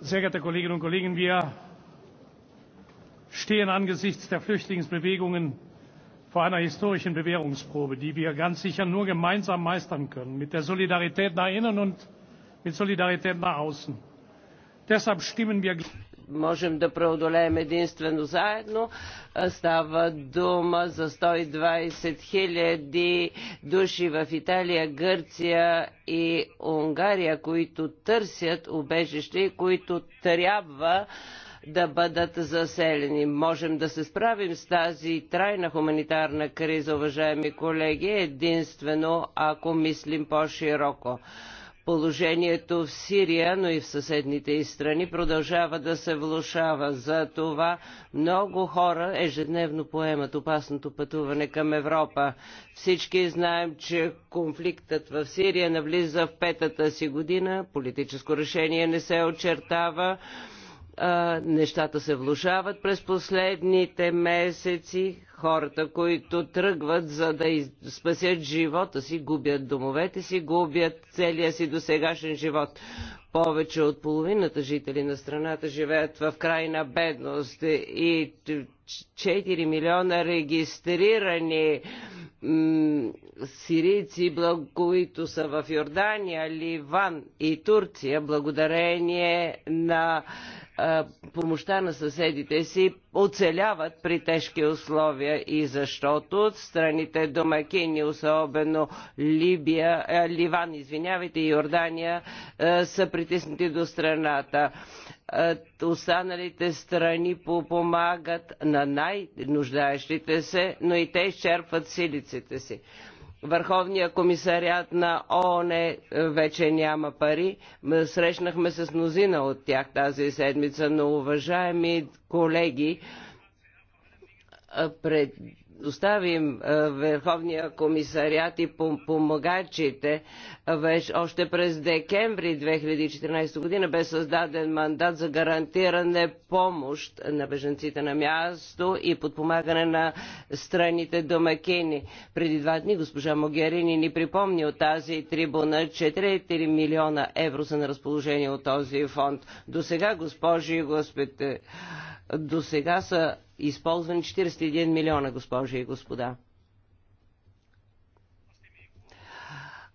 sehr geehrte kolleginnen und kollegen! wir stehen angesichts der flüchtlingsbewegungen vor einer historischen bewährungsprobe die wir ganz sicher nur gemeinsam meistern können mit der solidarität nach innen und mit solidarität nach außen. deshalb stimmen wir можем да преодолеем единствено заедно. Става дума за 120 хиляди души в Италия, Гърция и Унгария, които търсят убежище и които трябва да бъдат заселени. Можем да се справим с тази трайна хуманитарна криза, уважаеми колеги, единствено ако мислим по-широко Положението в Сирия, но и в съседните и страни продължава да се влушава. За това много хора ежедневно поемат опасното пътуване към Европа. Всички знаем, че конфликтът в Сирия навлиза в петата си година, политическо решение не се очертава нещата се влушават през последните месеци. Хората, които тръгват за да спасят живота си, губят домовете си, губят целия си досегашен живот. Повече от половината жители на страната живеят в крайна бедност и 4 милиона регистрирани сирийци, които са в Йордания, Ливан и Турция, благодарение на помощта на съседите си оцеляват при тежки условия и защото от страните домакини, особено Либия, Ливан, извинявайте, и Йордания са притиснати до страната. Останалите страни помагат на най-нуждаещите се, но и те изчерпват силиците си. Върховния комисариат на ООН е, вече няма пари. Срещнахме с мнозина от тях тази седмица, но уважаеми колеги, пред оставим Върховния комисариат и помагачите, вече още през декември 2014 година бе създаден мандат за гарантиране помощ на беженците на място и подпомагане на страните домакини. Преди два дни госпожа Могерини ни припомни от тази трибуна 4 милиона евро са на разположение от този фонд. До сега, госпожи и господи, до сега са използвани 41 милиона, госпожи и господа.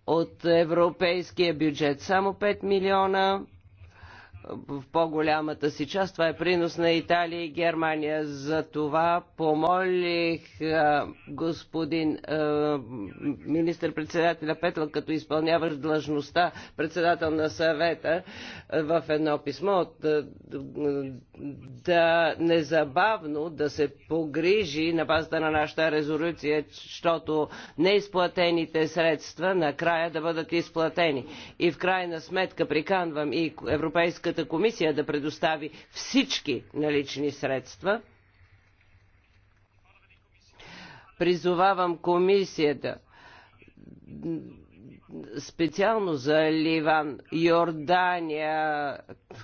От европейския бюджет само 5 милиона в по-голямата си част. Това е принос на Италия и Германия. За това помолих а, господин министър-председателя Петъл, като изпълняваш длъжността председател на съвета в едно писмо от, да незабавно да се погрижи на базата на нашата резолюция, защото неизплатените средства накрая да бъдат изплатени. И в крайна сметка приканвам и Европейската Европейската комисия да предостави всички налични средства. Призовавам комисията специално за Ливан, Йордания,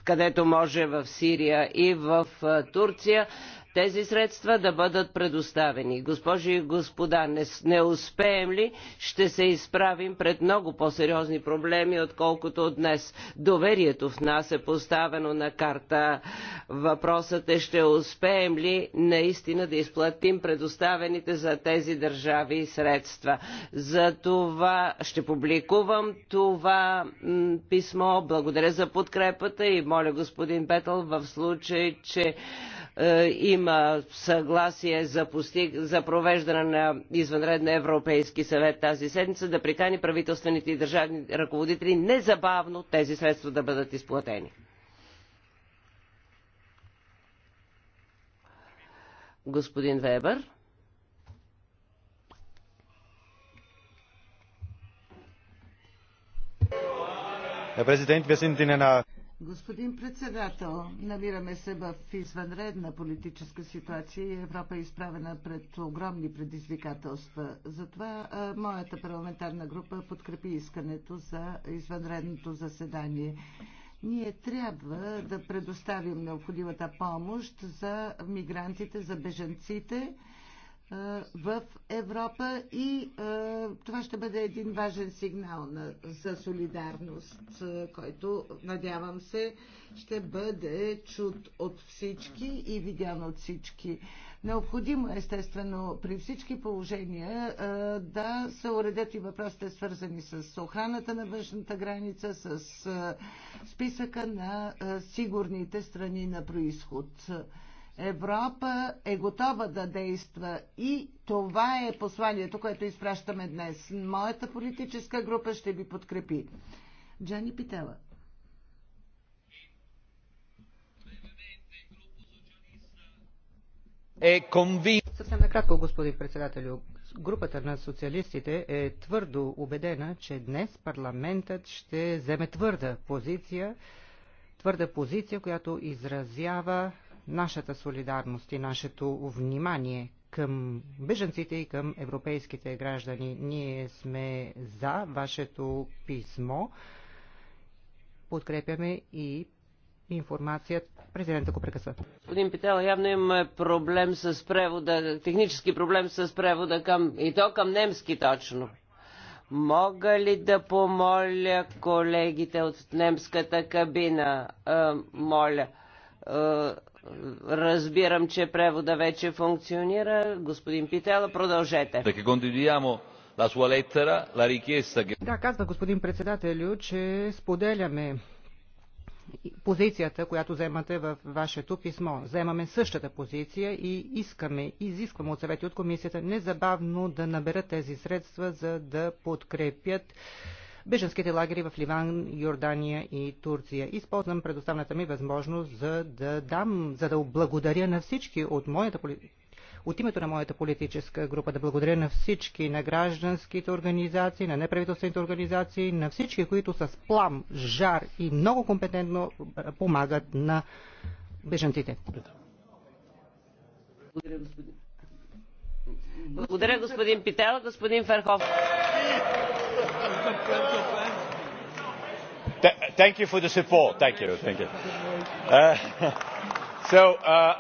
където може в Сирия и в Турция, тези средства да бъдат предоставени. Госпожи и господа, не, не успеем ли, ще се изправим пред много по-сериозни проблеми, отколкото днес. Доверието в нас е поставено на карта. Въпросът е ще успеем ли наистина да изплатим предоставените за тези държави средства. За това ще публикувам това писмо. Благодаря за подкрепата и моля господин Бетъл в случай, че е, има съгласие за, постиг... за провеждане на извънредна Европейски съвет тази седмица, да прикани правителствените и държавни ръководители незабавно тези средства да бъдат изплатени. Господин Вебер. Herr Präsident, wir sind in einer Господин председател, намираме се в извънредна политическа ситуация и Европа е изправена пред огромни предизвикателства. Затова моята парламентарна група подкрепи искането за извънредното заседание. Ние трябва да предоставим необходимата помощ за мигрантите, за беженците в Европа и това ще бъде един важен сигнал на, за солидарност, който, надявам се, ще бъде чут от всички и видян от всички. Необходимо, е, естествено, при всички положения да се уредят и въпросите, свързани с охраната на външната граница, с списъка на сигурните страни на происход. Европа е готова да действа и това е посланието, което изпращаме днес. Моята политическа група ще ви подкрепи. Джани Питела. Е конви... Съвсем накратко, господин председателю. Групата на социалистите е твърдо убедена, че днес парламентът ще вземе твърда позиция, твърда позиция, която изразява нашата солидарност и нашето внимание към беженците и към европейските граждани. Ние сме за вашето писмо. Подкрепяме и информация. Президента го прекъсва. Господин Питал, явно имаме проблем с превода, технически проблем с превода към, и то към немски точно. Мога ли да помоля колегите от немската кабина? Е, моля. Е, Разбирам, че превода вече функционира. Господин Питела, продължете. Да, казва господин председателю, че споделяме позицията, която вземате в вашето писмо. Вземаме същата позиция и искаме, изискваме от съвети от комисията незабавно да наберат тези средства, за да подкрепят беженските лагери в Ливан, Йордания и Турция. Използвам предоставната ми възможност за да дам, за да благодаря на всички от моята политика от името на моята политическа група да благодаря на всички, на гражданските организации, на неправителствените организации, на всички, които с плам, жар и много компетентно помагат на бежантите. Благодаря, господин. Благодаря, господин Пител, господин Ферхов. Thank you for the support. Thank you. Thank you. Uh, so, uh,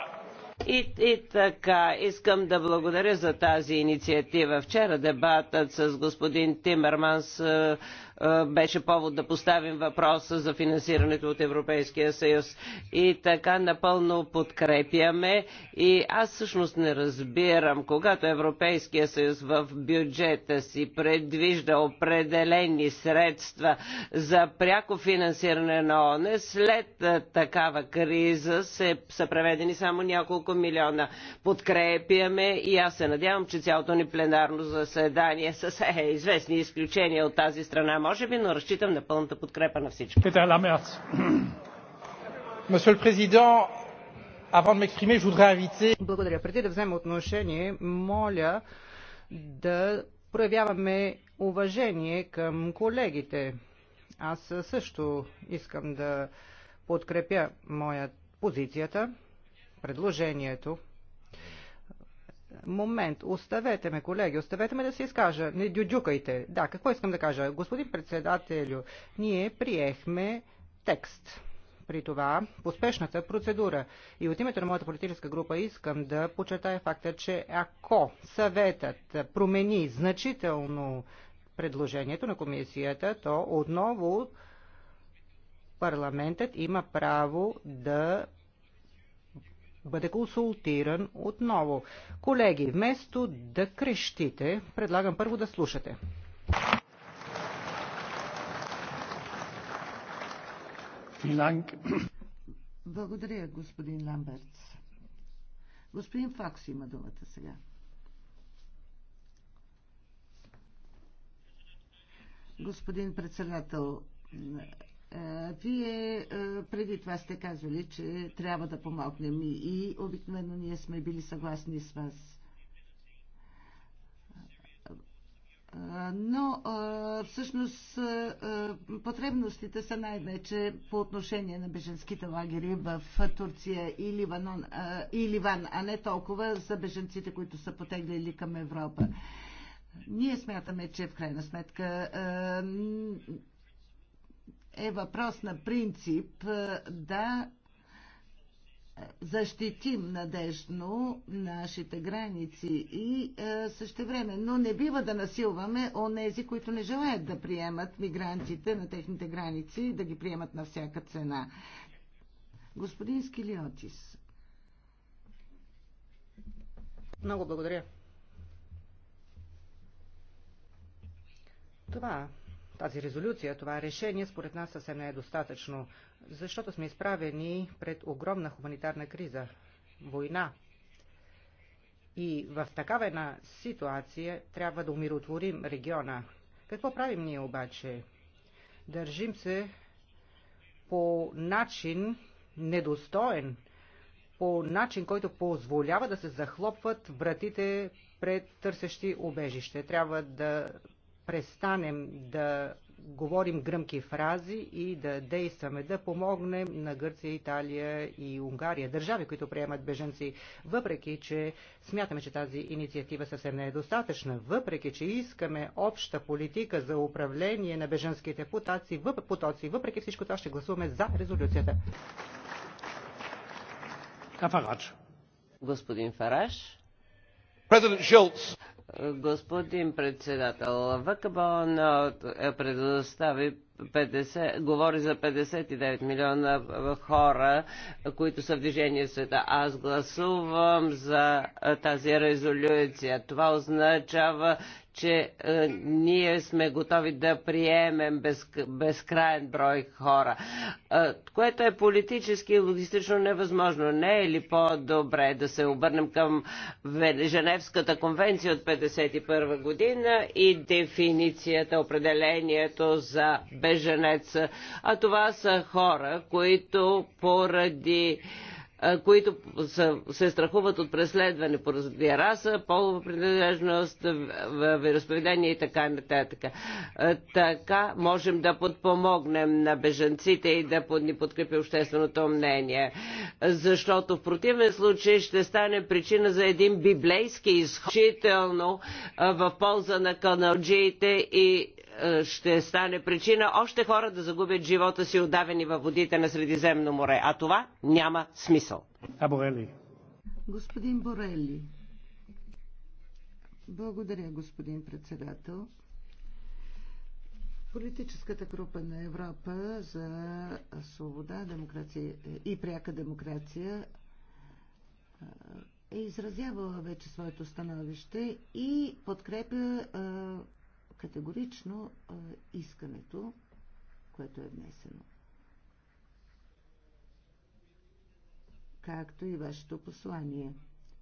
и, и така, искам да благодаря за тази инициатива. Вчера дебатът с господин Тимерманс uh, е, беше повод да поставим въпроса за финансирането от Европейския съюз. И така напълно подкрепяме. И аз всъщност не разбирам, когато Европейския съюз в бюджета си предвижда определени средства за пряко финансиране на ОНЕ, след е, такава криза се, са преведени само няколко милиона. Подкрепяме и аз се надявам, че цялото ни пленарно заседание с е, известни изключения от тази страна може би, но разчитам на пълната подкрепа на всички. Петър Ламерц. Monsieur президент, Président, avant de m'exprimer, je voudrais inviter... Благодаря. Преди да взема отношение, моля да проявяваме уважение към колегите. Аз също искам да подкрепя моя позицията, предложението момент, оставете ме, колеги, оставете ме да се изкажа, не дюдюкайте. Да, какво искам да кажа? Господин председателю, ние приехме текст при това по спешната процедура. И от името на моята политическа група искам да почертая факта, че ако съветът промени значително предложението на комисията, то отново парламентът има право да бъде консултиран отново. Колеги, вместо да крещите, предлагам първо да слушате. Благодаря, господин Ламбертс. Господин Факс има думата сега. Господин председател, вие преди това сте казвали, че трябва да помогнем и обикновено ние сме били съгласни с вас. Но всъщност потребностите са най-вече по отношение на беженските лагери в Турция и Ливан, и Ливан, а не толкова за беженците, които са потеглили към Европа. Ние смятаме, че в крайна сметка е въпрос на принцип е, да е, защитим надежно нашите граници и е, време. Но не бива да насилваме онези, които не желаят да приемат мигрантите на техните граници и да ги приемат на всяка цена. Господин Скилиотис. Много благодаря. Това тази резолюция, това решение, според нас съвсем не е достатъчно, защото сме изправени пред огромна хуманитарна криза, война. И в такава една ситуация трябва да умиротворим региона. Какво правим ние обаче? Държим се по начин недостоен, по начин, който позволява да се захлопват вратите пред търсещи убежище. Трябва да престанем да говорим гръмки фрази и да действаме, да помогнем на Гърция, Италия и Унгария, държави, които приемат беженци, въпреки че смятаме, че тази инициатива съвсем не е достатъчна, въпреки че искаме обща политика за управление на беженските потоци, потоци въпреки всичко това ще гласуваме за резолюцията. Господин Фараш. Господин председател, ВКБОН е, предостави 50, говори за 59 милиона хора, които са в движение в света. Аз гласувам за тази резолюция. Това означава, че е, ние сме готови да приемем без, безкрайен брой хора, е, което е политически и логистично невъзможно. Не е ли по-добре да се обърнем към Женевската конвенция от 1951 година и дефиницията, определението за безкрайен беженец. А това са хора, които поради които са, се страхуват от преследване по раса, полова принадлежност, вероисповедение и така нататък. Така можем да подпомогнем на беженците и да ни подкрепи общественото мнение. Защото в противен случай ще стане причина за един библейски изхожително в полза на каналджиите и ще стане причина още хора да загубят живота си отдавени във водите на Средиземно море. А това няма смисъл. А Борели? Господин Борели, благодаря, господин председател. Политическата група на Европа за свобода, демокрация и пряка демокрация е изразявала вече своето становище и подкрепя категорично искането, което е внесено. Както и вашето послание.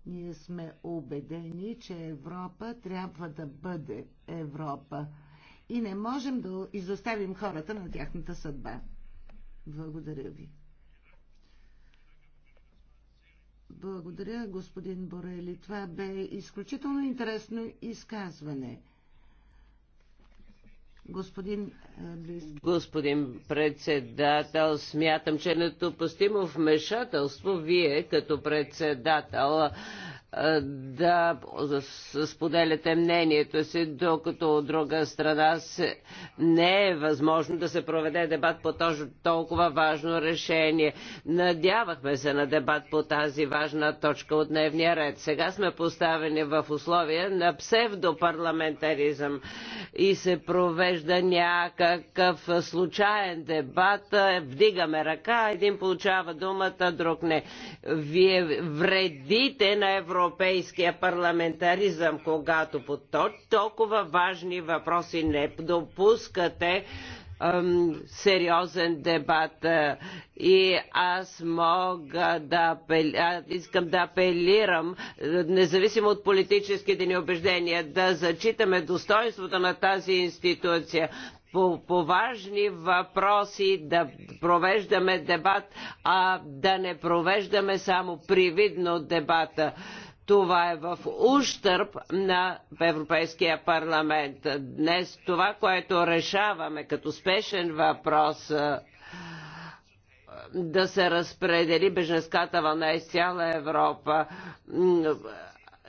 Ние сме убедени, че Европа трябва да бъде Европа и не можем да изоставим хората на тяхната съдба. Благодаря ви. Благодаря, господин Борели. Това бе изключително интересно изказване. Господин е, Близки. Господин председател, смятам, че е недопустимо вмешателство вие като председател да споделяте мнението си, докато от друга страна не е възможно да се проведе дебат по толкова важно решение. Надявахме се на дебат по тази важна точка от дневния ред. Сега сме поставени в условия на псевдопарламентаризъм и се провежда някакъв случайен дебат. Вдигаме ръка, един получава думата, друг не. Вие вредите на Европа европейския парламентаризъм, когато по толкова важни въпроси не допускате сериозен дебат и аз мога да апелирам, искам да апелирам, независимо от политическите ни убеждения, да зачитаме достоинството на тази институция. По, по важни въпроси да провеждаме дебат, а да не провеждаме само привидно дебата това е в ущърп на Европейския парламент. Днес това, което решаваме като спешен въпрос е, да се разпредели беженската вълна из цяла Европа,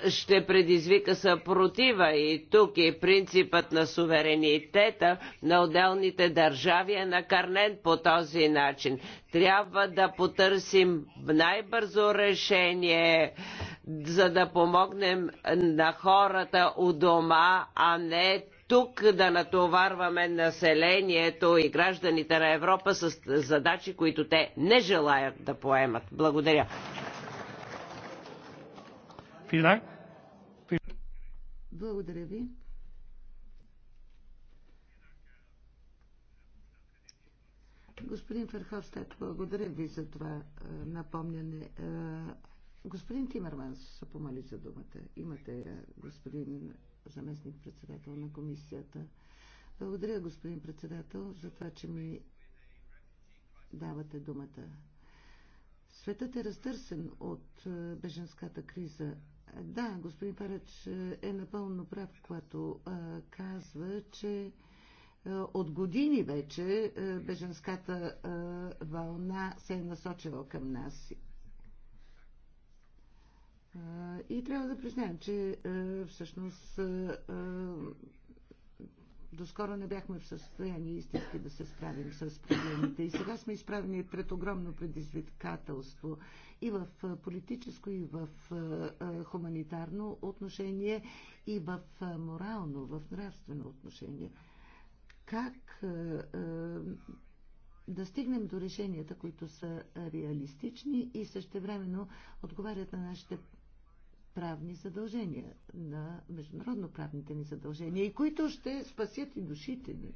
ще предизвика съпротива и тук и е принципът на суверенитета на отделните държави е накарнен по този начин. Трябва да потърсим най-бързо решение за да помогнем на хората у дома, а не тук да натоварваме населението и гражданите на Европа с задачи, които те не желаят да поемат. Благодаря. Благодаря ви. Господин Ферховстед, благодаря ви за това напомняне. Господин Тимерманс се помали за думата. Имате я, господин заместник-председател на комисията. Благодаря, господин председател, за това, че ми давате думата. Светът е разтърсен от е, беженската криза. Да, господин Парач е, е напълно прав, когато е, казва, че от години вече беженската вълна се е насочила към нас и трябва да признаем, че всъщност доскоро не бяхме в състояние истински да се справим с проблемите. И сега сме изправени пред огромно предизвикателство и в политическо, и в хуманитарно отношение, и в морално, в нравствено отношение. Как да стигнем до решенията, които са реалистични и същевременно отговарят на нашите правни задължения, на международно правните ни задължения и които ще спасят и душите ни.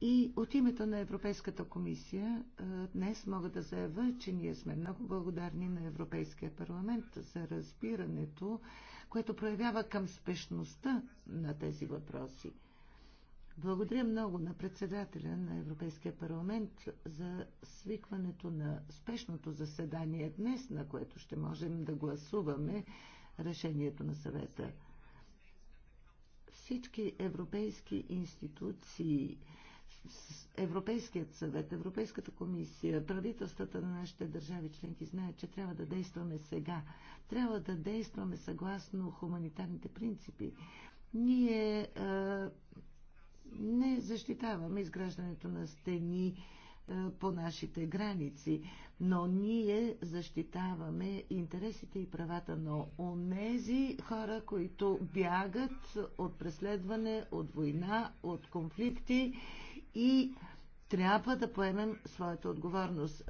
И от името на Европейската комисия днес мога да заявя, че ние сме много благодарни на Европейския парламент за разбирането, което проявява към спешността на тези въпроси. Благодаря много на председателя на Европейския парламент за свикването на спешното заседание днес, на което ще можем да гласуваме решението на съвета. Всички европейски институции, Европейският съвет, Европейската комисия, правителствата на нашите държави членки знаят, че трябва да действаме сега. Трябва да действаме съгласно хуманитарните принципи. Ние не защитаваме изграждането на стени е, по нашите граници, но ние защитаваме интересите и правата на онези хора, които бягат от преследване, от война, от конфликти и трябва да поемем своята отговорност.